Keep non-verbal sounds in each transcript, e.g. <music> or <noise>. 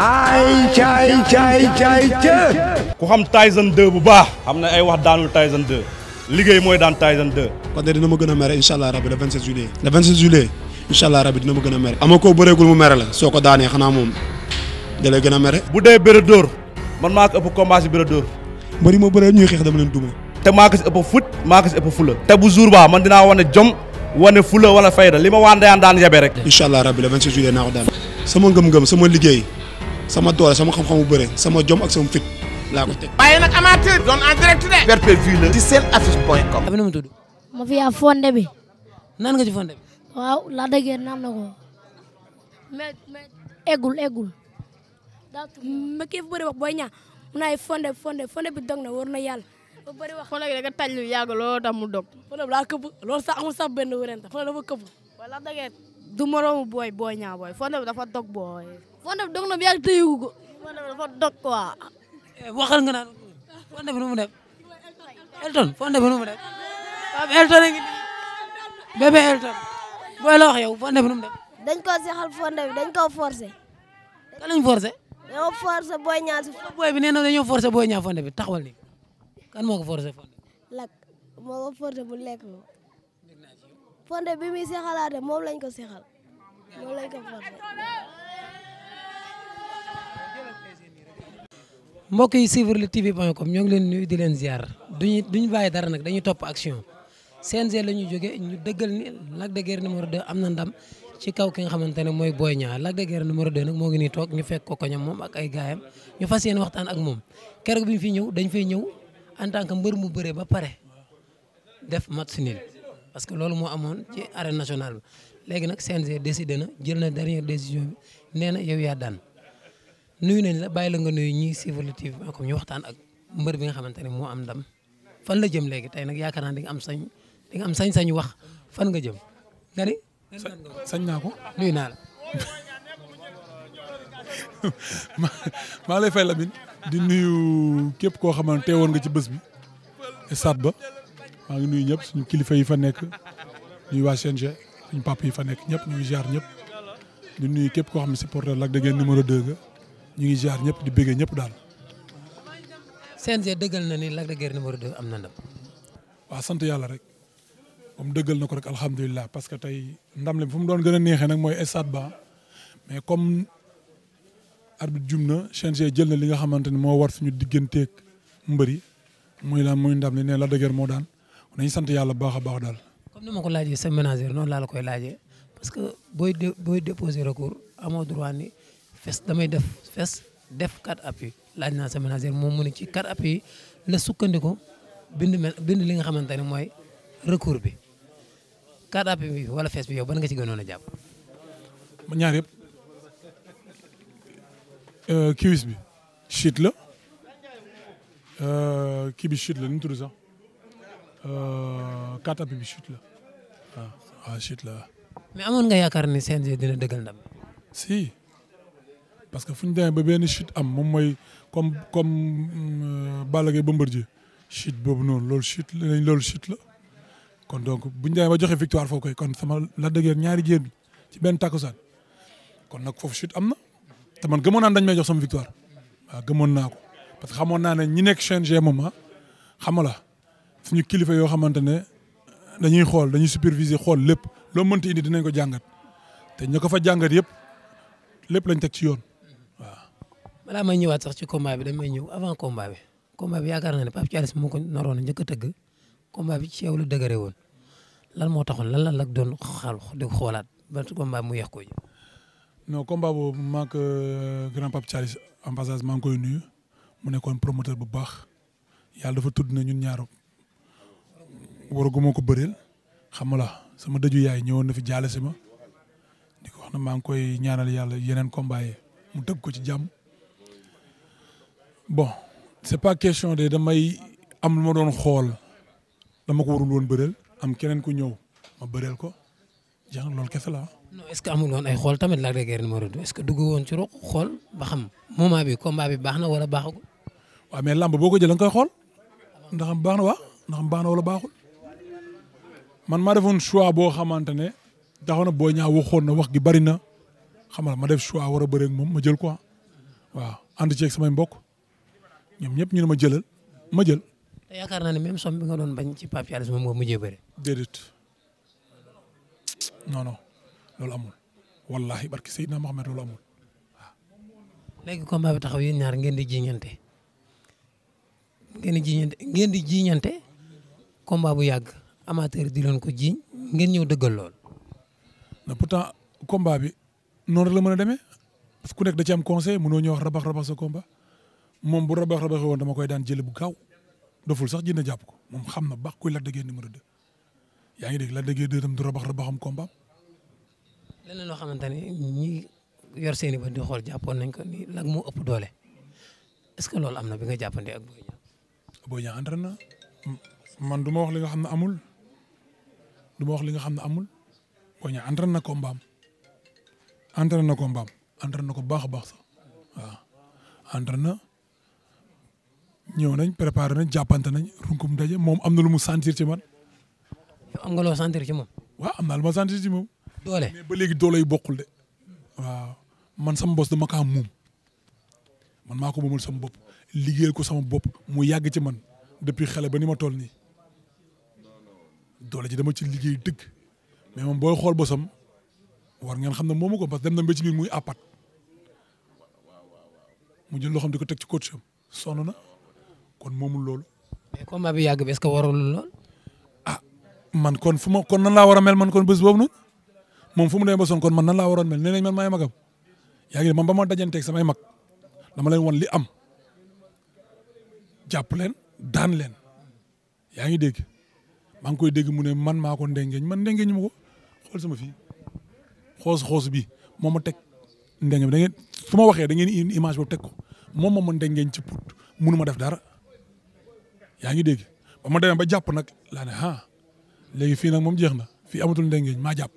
ay caay caay caay caay ku xam Tyson 2 bu baax xam na ay wax daanul Tyson 2 liggéey mooy daan Tyson 2 kon de dina ma gën a mere incha allah rabi le 27 juillet le 27 juillet incha allah rabi dina ma gën a mere ama koo bëreegul mu mere la soo ko daanee xanaa moom da lay gën a mere bu dee bëre dóor man maa ko ëpp combat si bëre dóor mbëri ma bëree ñuy xeex dama leen duma te maa ko si ëpp fut maa si ëpp fula te bu jour ba man dinaa wane jom wane fula wala fayda li ma waan dayaan daan yabe rek incha allah rabi le 27 juillet naa ko sama liggéey sama doole sama xam-xamu bëre sama jom ak sama fit laa ko teg. waaye nag amateur doon en direct de. perpétue la ci seen fi yaa fonde nga ci waaw laa déggee naan na ko daa ma kii fu bëri wax booy ñaa mu naay fonde bi dog na war na yàlla ba bëri wax. fonde bi da nga tàjlu yàgg looloo tax sax amul sax du moroomu booy booy ñaa booy Fonte bi dafa dog booy. Fonte bi dog na bi yàgg tëyu ko. Fonte bi dafa dog quoi. Eh, waxal nga naan Fonte bi nu mu Elton Fonte bi nu mu def. Elton a ngi nii. bébé booy la wax yow Fonte bi nu mu def. dañ koo seexal Fonte dañ koo forcé. ka lañ forcé. dañoo forcé booy ñaa si. booy bi nee na dañoo booy ñaa bi taxawal ni kan moo ko forcé Fonte. lak moo ko forcé bu lekk fonde bi muy seexalaate moom lañ ko seexal moom lañ ko fonde mbokk yi suivre Lutte TV point com ñoo ngi leen nuyu di leen ziar duñu duñu bàyyi dara nag dañuy topp action CNG la ñuy jóge ñu dëggal ni Lac de Guiers numéro 2 am na ndam ci kaw ki nga xamante ne mooy Boy Niang Lac de Guiers numéro 2 nag moo ngi nii toog ñu fekk ko ko ñam moom ak ay gaayam ñu fas yéene waxtaan ak moom keroog bi ñu fiy ñëw dañ fay ñëw en tant que mbër mu bëree ba pare def match nul parce que loolu moo amoon ci arène nationale bi léegi nag CNG décidé na jël na dernière décision bi nee na yow yaa daan nuyu nañ la bàyyi la nga nuyu ñi suivre Lutte TV comme ñu waxtaan ak mbër bi nga xamante ne moo am ndam fan la jëm léegi tey nag yaakaar naa di am sañ di nga am sañ-sañ wax fan nga jëm nga ni. sañ naa ko nuyu naa la. <laughs> maa lay fay Lamine di nuyu képp koo xamante teewoon nga ci bés bi stade ba. maa ngi nuyu ñëpp suñu kilifa yi fa nekk ñuy waa CNG suñu papa yi fa nekk ñëpp ñu ngi ñëpp di nuyu képp koo xam ne supporter Lac de Guiers numéro 2 ga ñu ngi ziar ñëpp di béggee ñëpp daal. CNG dëggal na ni Lac de numéro 2 am na ndam. waaw sant yàlla rek moom dëggal na ko rek alhamdulilah parce que tey ndam li fu mu doon gën neexee nag mooy stade mais comme arbitre jum na CNG jël li nga xamante ni moo war suñu digganteeg mbër yi muy lan muy ndam li ne Lac de moo daan. nañ sant yàlla baax a baax daal. comme ni ma ko laajee sa ménagère noonu laa la koy laajee parce que booy dé booy déposé recours amoo droit ni fes damay def fes def quatre appuis laaj naa sa ménagère moom mu ne ci quatre appuis la sukkandiku bind mel bind li nga xamante ne mooy recours bi quatre appuis wala fes bi yow ban nga ci gënoon a jàpp. ma ñaar yëpp kiwis euh, bi. chute la euh, kii bi chute ni mu tudd carte euh, d'appui bi chute la ah, waaw ah, waaw chute la mais amoon nga yaakaar ni CNG dina dëggal ndam. si parce que fu ñu demee ba benn chute am moom mooy comme comme euh, Balla Gaye Bombardier chute boobu noonu loolu chute la kon donc bu ñu ba joxe victoire foofu koy kon sama la dëgër ñaari bi ci benn takkusaan kon nag foofu chute am na te man gëmoon naa dañ may jox sama victoire waaw gëmoon naa ko parce que xamoon naa ne ñi nekk CNG moom ah xam nga la suñu kilifa yoo xamante ne dañuy xool dañuy superviser xool lépp loo mënti indi dinañ ko jàngat te ña ko fa jàngat yëpp lépp lañ teg ci yoon waaw. balaa may ñëwaat sax ci combat bi may ñëw avant combat bi combat yaakaar naa ne Pape Thialis moo ko naroon a njëkk a tëgg combat bi ci yow la dëgëre woon lan moo taxoon lan lan la doon xaal di xoolaat ba combat mu yeex koy ji. non combat boobu maa ngi grand Pape Thialis en passage koy nuyu mu nekkoon promoteur bu baax yàlla dafa tudd na ñun ñaar waraguma ko bëreel xam la sama dëju yaay ñëwoon na fi jaale si ma di ko wax na maa ngi koy ñaanal yàlla yeneen combat yi mu dëgg ko ci jàmm bon c'est pas question de damay am lu ma doon xool dama ko warul woon bëreel am keneen ku ñëw ma bëreel ko jeex na loolu la non est ce que ay xool tamit Lac de Guiers numéro 2 est dugg woon ci ruq xool ba xam moment bi combat bi baax na wala baaxagul. waaw mais lamb boo ko jëlee nga xool ndax baax na waa ndax baax na wala baaxul. man maa defoon choix boo xamante ne taxaw na boo ñaaw waxoon na wax gi bari na xamal ma def choix war a bëreeg moom ma jël ko waaw ànd ceeg samay mbokk ñoom ñëpp ñun ne ma jëlal ma jël. te yaakaar naa ne même somme bi nga doon bañ ci Pape Thialis moom nga mujjee bëri. déedéet non non loolu amul wallahi barki Seydina Mohamed loolu amul waaw. léegi combat bi taxaw yéen ñaar ngeen di jiiñante ngeen di jiiñante ngeen di jiiñante combat bu yàgg. amateur di leen ko jiiñ ngeen ñëw dëggal lool. mais pourtant combat bi la mën a demee parce ku nekk da am conseil mënoo ñëw wax rabax rabax sa combat moom bu rabax rabaxee woon dama koy daan jël bu gaaw doful sax jënd jàpp ko moom xam na baax kuy Lac de Guiers numéro 2 yaa ngi dégg Lac de Guiers 2 tam du rabax rabaxam combat. leneen loo xamante ne ñi yor seen i di xool jàppoon nañ ko ni Lac moo ëpp doole est-ce loolu am na bi nga jàppante ak Boy Niang. Boy na man du ma wax xam ne amul. du ma wax li nga xam ne amul boo ñëwee entraîné na ko mbaam entraîné na ko mbaam entraîné na ko baax a baax sax waaw entraîné na ñëw nañ préparé nañ jàppante nañ runkum daje moom am na lu mu sentir ci man. yow am nga loo sentir ci moom. waaw am naa lu ma sentir ci moom. doole mais ba léegi doole yi bokkul de. waaw man sama bos dama kaa muum man maa ko moomul sama bopp liggéeyal ko sama bopp mu yàgg ci man depuis xale ba ni ma toll nii. doole ji dama ci liggéey dëgg mais moom booy xool bosam war ngeen xam ne moomu ko parce que na ba ci biir muy àppat mu di ko teg ci coach am na kon moomul loolu. mais combat bi yàgg bi que warul lool. ah man kon fu ma kon nan laa war a mel man kon bés boobu noonu moom fu mu demee ba sonn kon man nan laa waroon mel nee nañ ma maay magam yaa ngi ne man ba ma dajanteeg samay mag dama leen wan li am jàpp leen daan leen yaa ngi dégg. maa ngi koy dégg mu ne man maa ko ndengeñ man ndengeñ ma ko xool sama fii xoos xoos bi moom ma teg ndengeñ da ngeen su ma waxee da ngeen image boobu teg ko moom moo ma ndengeñ ci put mënu ma def dara yaa ngi dégg ba ma demee ba jàpp nag laa ne ah léegi fii nag moom jeex na fii amatul ndengeñ maa jàpp.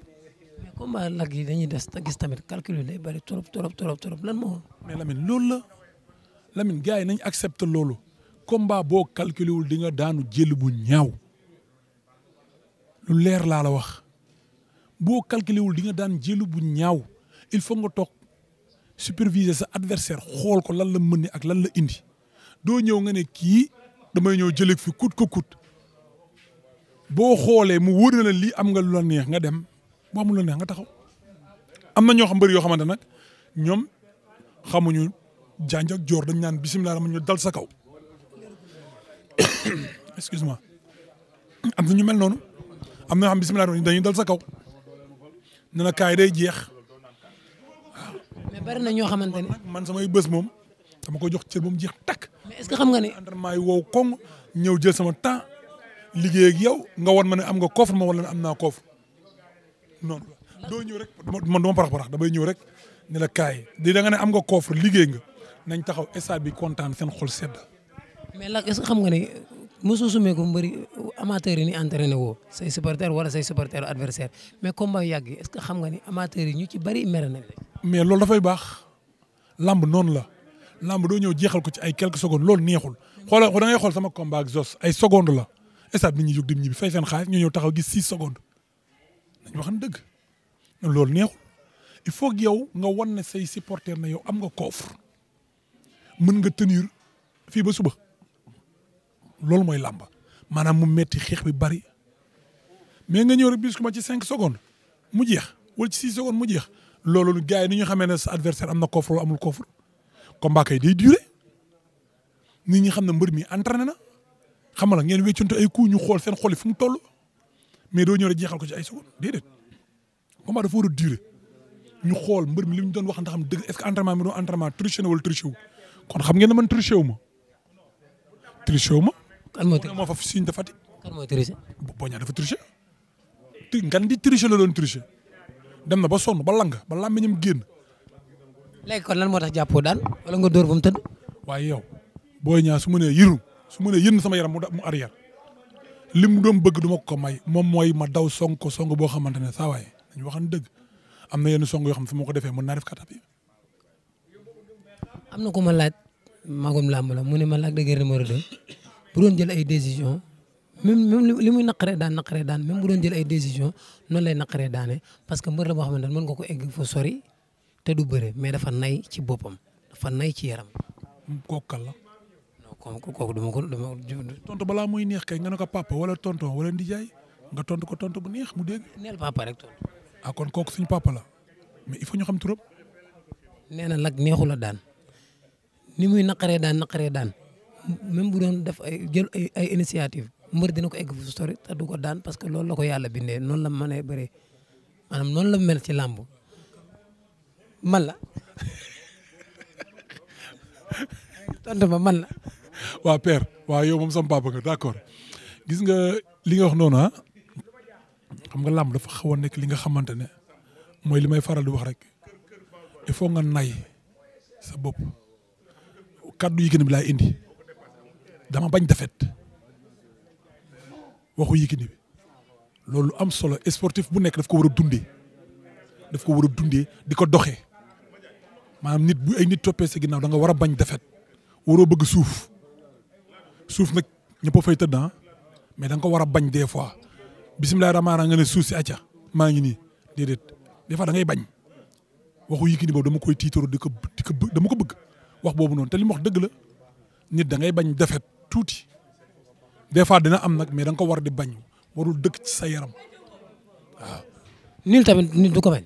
mais combat yi dañuy des gis tamit calcul yi day bëri trop trop trop trop lan mais Lamine loolu la Lamine gars yi nañ accepté loolu combat boo calculé wul di nga daanu jël bu ñaaw. lu leer laa la wax boo calculé wul di nga daan jëlu bu ñaaw il faut nga toog superviser sa adversaire xool ko lan la mën ak lan la indi doo ñëw nga ne kii damay ñëw jëlee fi kut ko kut boo xoolee mu wóor na la lii am nga lu la neex nga dem boo amul la neex nga taxaw am na ñoo xam mbëri yoo xamante nag ñoom xamuñu janj ak joor dañ naan bisimilah dama ñu dal sa kaw <coughs> excuse am na ñu mel noonu. am na yoo xam bisimilah dañuy dal sa kaw ne la kaay day jeex waaw. bari na ñoo xamante man man samay bës moom dama ko jox cër ba mu jeex takk. mais est ce que xam nga ne. entraînement yi wow koŋ ñëw jël sama temps liggéey ak yow nga wan ma ne am nga koofu ma wala ne am naa koofu noonu ah. doo ñëw rek man duma parax parax damay ñëw rek ne la kaay di da nga ne am nga coffre liggéey nga nañ taxaw stade bi kontaan seen xol sedd. mais la est que xam nga ne mosoo sumee ko mbëri amateurs yi ni entraîné woo say supporter wala say supporter adversaire mais combat yàgg yi est ce que xam nga ni amateurs yi ñu ci bëri mere nañ mais loolu dafay baax lamb noonu la lamb doo ñëw jeexal ko ci ay quelques secondes loolu neexul xoolal da ngay xool sama combat ak ay secondes la stade bi ñuy jóg dem ñibbi fay seen xaalis ñu ñëw taxaw gis six secondes nañu waxan dëgg loolu neexul il faut que yow nga wan ne say supporter na yow am nga coffre nga tenir fii ba suba. loolu mooy làmb maanaam mu metti xeex bi bari mais nga ñëw rek bis ma ci cinq secondes mu jeex wala ci six secondes mu jeex loolu gars yi ni ñu xamee ne sa adversaire am na coffre amul coffre combat kay day duré nit ñi xam ne mbër mi entraîné na xam nga ngeen wéccantu ay coups ñu xool seen xol yi fu mu toll mais doo ñëw rek jeexal ko ci ay secondes déedéet combat dafa war a duré ñu xool mbër mi li ñu doon wax ndax am dëgg est-ce que entraînement mi doon entraînement triché xam ngeen ne man wu ma triché wu ma kan mooy moo fa signe de Fatick. kan mooy tricher. boo ñaa dafa tricher. ngan di tricher la doon tricher. dem ma ba sonn ba lang ba làmmiñam génn. léegi kon lan moo tax jàppoo daan wala nga dóor ba mu tëdd. waaye yow boo ñaa su ma nee yëru su ma nee yënn sama yaram mu mu arrière li mu doon bëgg du ma ko may moom mooy ma daw song ko song boo xamante ne saa waay dañu waxan dëgg am na yenn song yoo xam ne su ma ko defee mën naa def katabi. am na ku ma laaj magum làmb la mu ne ma Lac de Guiers bu doon jël ay décision même même li muy naqaree daan naqaree daan même bu doon jël ay décision noonu lay naqaree daane parce que mbër la boo xamante ne mën nga ko egg fa sori te du bëre mais dafa nay ci boppam dafa nay ci yaram. kooku kan la. non kooku kooku dama ko dama tontu balaa muy neex kay nga ne ko papa wala tonton wala ndijaay nga tontu ko tontu bu neex mu dégg. neel papa rek tontu. ah kon kooku suñu papa la mais il faut ñu xam turam. nee na nag neexu la daan ni muy naqaree daan naqaree daan. même bu doon def ay jël ay ay initiative mbër dina ko egg fu sori te du ko daan parce que lool la ko yàlla bindee noonu la mënee bëree maanaam noonu la mel ci làmb man la tontu ma man la. waa père waa yow moom sama papa nga d'accord gis nga li nga wax noonu ah xam nga làmb dafa xaw a nekk li nga xamante ne mooy li may faral di wax rek il faut nga nay sa bopp kaddu yi gën laay indi. dama bañ dafet waxu Yékini bi loolu am solo sportif bu nekk daf ko war a dundee daf ko war a dundee di ko doxee maanaam nit bu ay nit toppee sa ginnaaw da nga war a bañ defet waroo bëgg suuf suuf nag ñëpp a fay tëdd ah. mais da ko war a bañ dee fois bisimilah rahmaani nga ne suuf si acca maa ngi nii déedéet des fois da ngay bañ waxu Yékini boobu dama koy tiitaroo di ko di ko dama ko bëgg wax boobu noonu te li mu wax dëgg la. nit da ngay bañ defet tuuti des fois dina am nag mais danga ko war di bañu warul dëkk ci sa yaram waaw. niil tamit nit ko bañ.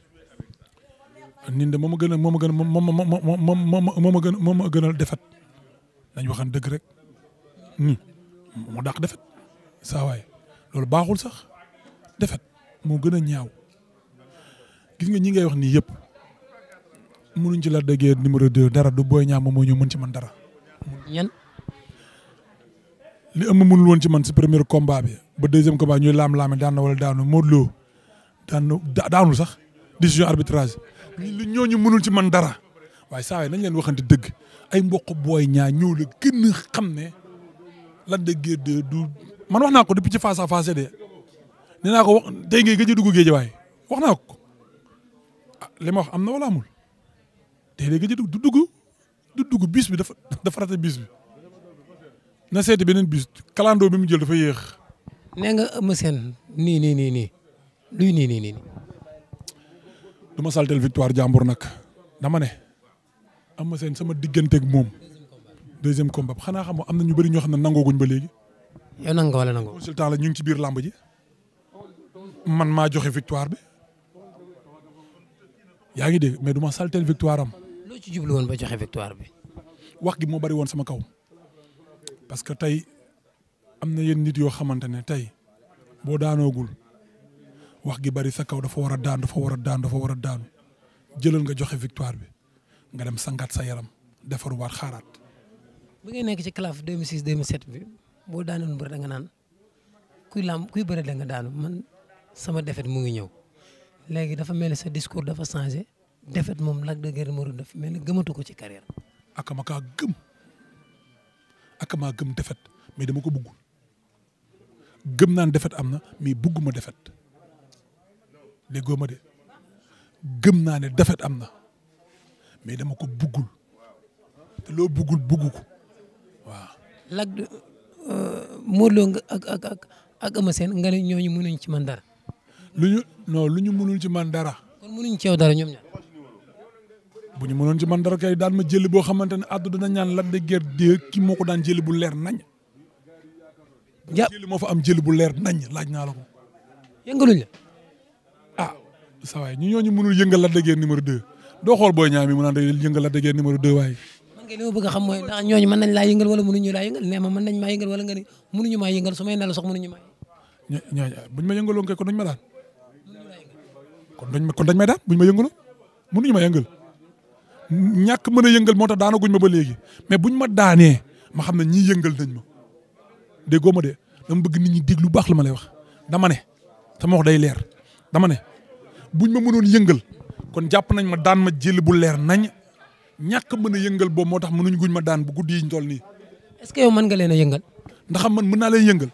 niil de moom a gën moom moom a gën a moom moom gën moom a gënal defet nañ waxan dëgg rek nii defet saa waay loolu baaxul sax defet moo gën a ñaaw gis nga ñi ngay wax nii yëpp mënuñ ci la déggee numéro 2 dara du booy ñaaw moom moo ñu mën ci man dara. yan. li ëmb mënul woon ci man si premier combat bi ba deuxième combat ñuy laam-laame daan na wala daanu Modou Lo daan na daanul sax décision arbitrage li ñooñu mënul ci man dara waaye saa yi nañ leen waxante dëgg ay mbokk booy ñaa ñëw la gën xam ne lan de géej de du man wax naa ko depuis ci face à de nee ko wax tey ngay gëj a dugg géej waaye wax naa ko ah, li ma wax am na wala amul tey de gëj dugg dugg. du dugg bis bi dafa dafa raté biis bi na seeti beneen bis kalandoo bi mu jël dafa yéex. nee nga Eumeu Sène nii nii nii nii luy nii nii nii. du ma saltel victoire jàmbur nag dama ne Eumeu Sène sama digganteeg moom deuxième combat xanaa xam am na ñu bari ñoo xam ne nangooguñ ba léegi. yow nang nga wala nangoo. consultant la ñu ngi ci biir làmb ji man maa joxe victoire bi yaa ngi dégg mais du ma saltel victoire am. loo ci jublu woon ba joxe victoire bi. wax gi moo bari woon sama kaw parce que tey am na yenn nit yoo xamante ne tey boo daanoogul wax gi bari sa kaw dafa war a daan dafa war a daan dafa war a daanu jëlal nga joxe victoire bi nga dem sangaat sa yaram defaruwaat xaaraat. bi ngay nekk ci CLAF 2006 2007 bi boo daanoon mbër da nga naan kuy lam kuy bëre da nga daanu man sama defet mu ngi ñëw léegi dafa mel discours dafa changé. defet moom Lac de Guiers numéro 9 ni nag gëmatu ko ci carrière ak ka kaa gëm ak gëm defet mais dama ko bëgg gëm naan defet am na mais bëgguma defet déggoo ma de naa ne defet am na mais dama ko loo bëggul bëggu ko waaw. Lac de euh, Modou Lo nga ak ak ak ak Eumeu Sène nga ne ñooñu mënuñ ci man dara. lu ñu non lu ñu mënul ci man dara. kon mënuñ ci yow dara ñoom ñaar. bu ñu mënoon ci man dara kay daan ma jëli boo xamante ne addu dana ñaan Lac de Guiers 2 ki moo ko daan jëli bu leer nañ. ja jëli moo fa am jëli bu leer nañ laaj naa la ko. yëngaluñ la. ah sa waay ñu ñooñu mënul yëngal Lac de Guiers numéro 2 doo xool Boy Niang mi mu naan day yëngal Lac de Guiers numéro 2 waaye. man kay li ma bëgg a xam mooy ndax ñooñu mën nañ laa yëngal wala mënuñu laa yëngal nee ma mën nañ maa yëngal wala nga ñoo ñoo buñ ma yëngaloon kay kon dañ ma daan. kon dañ ma kon dañ may daan buñ ma yëngaloo ma yëngal ñàkk mën a yëngal moo tax daanaguñ ma ba léegi mais buñ ma daanee ma xam ne ñii yëngal nañ ma déggoo ma de dama bëgg nit ñi dégg lu baax la ma lay wax dama ne sama wax day leer dama ne buñ ma mënoon yëngal kon jàpp nañ ma daan ma jël bu leer nañ ñàkk mën a yëngal boobu moo tax mënuñ guñ ma daan bu guddi yi ñu toll nii. est-ce que yow mën nga a yëngal. man mën naa leen yëngal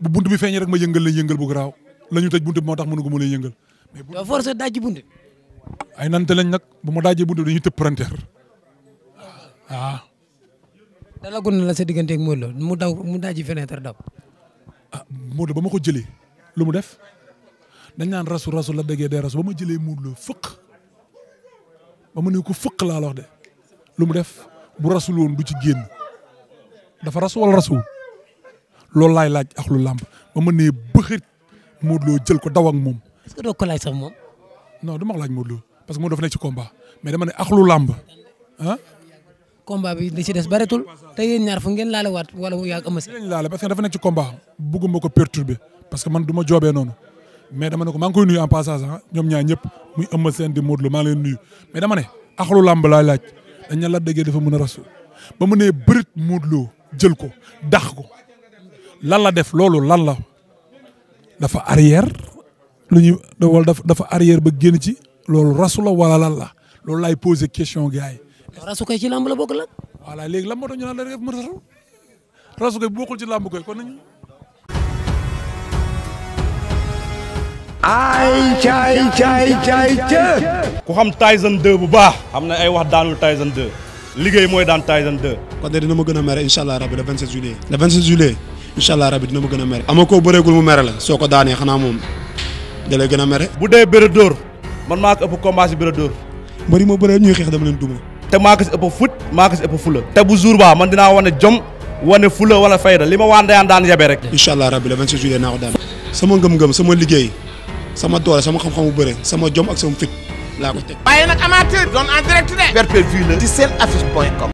bu bunt bi feeñee rek ma yëngal la yëngal bu garaaw la ñu tëj bunt bi moo tax mënu ko mën a yëngal. mais bu force daaj bunt bi ay nante lañ nag bu ma daajee buntu dañuy tëb palanteer waaw. dalagun na la sa diggante ak Modou mu daw mu daaji fenêtre daw. ah Modou ba ma ko jëlee lu mu def dañ naan rasu rasu la déggee dee rasu ba ma jëlee Modou Lo fëq ba ma ne ko fëq laa de lu mu def bu rasul woon du ci génn dafa rasu wala rasul loolu laay laaj ak lu làmb ba ma nee bëxit Modou jël ko daw ak moom. est doo ko laaj sax moom. non du ma ko laaj Modou parce que Modou dafa nekk ci combat mais dama ne axlu làmb ah. bi li ci des bareetul te yéen ñaar fu ngeen laale waat wala yaa am si. ngeen laale parce que dafa nekk ci combat bugguma ko perturber parce que man duma joobee noonu mais dama ne ko maa ngi nuyu en passage ñoom ñaar ñëpp muy ëmb seen di Modou Lo maa ngi leen nuyu mais dama ne axlu làmb laaj dañ la déggee dafa mën a rasu ba mu nee bërit Modou Lo jël ko dax ko lan la def loolu lan la dafa arrière. lu ñu wala dafa dafa arrière ba génn ci loolu rasu la wala lan la loolu laay posé question gars yi. rasu kay ci làmb bokk la. voilà léegi lan moo tax ñu naan la def ma rasu rasu kay bokkul ci làmb koy kon nañu. ay caay caay caay caay. baax. xam na ay wax daanul Tyson 2. liggéey mooy daan Tyson 2. kon de dina ma gën a mere incha allah rabi le 27 juillet. le 27 juillet incha allah rabi dina ma gën a mere. ama ko bëreegul mu mere la soo ko daanee xanaa moom. da gën a mere. bu dee bëre dóor man maa ko ëpp combat si bëre dóor. mbëri ma bëree ñuy xeex dama leen duma. te maa ko si ëpp fut maa ko si ëpp fula. te bu jour ba man dinaa wane jom wane fula wala fayda li ma waan daan daan yabe rek. incha allah rabbi le 26 juillet naa ko daan. sama ngëm-ngëm sama liggéey sama doole sama xam-xamu bëre sama jom ak sama fit laa ko teg. waaye nag amateur doon en direct de. pay per la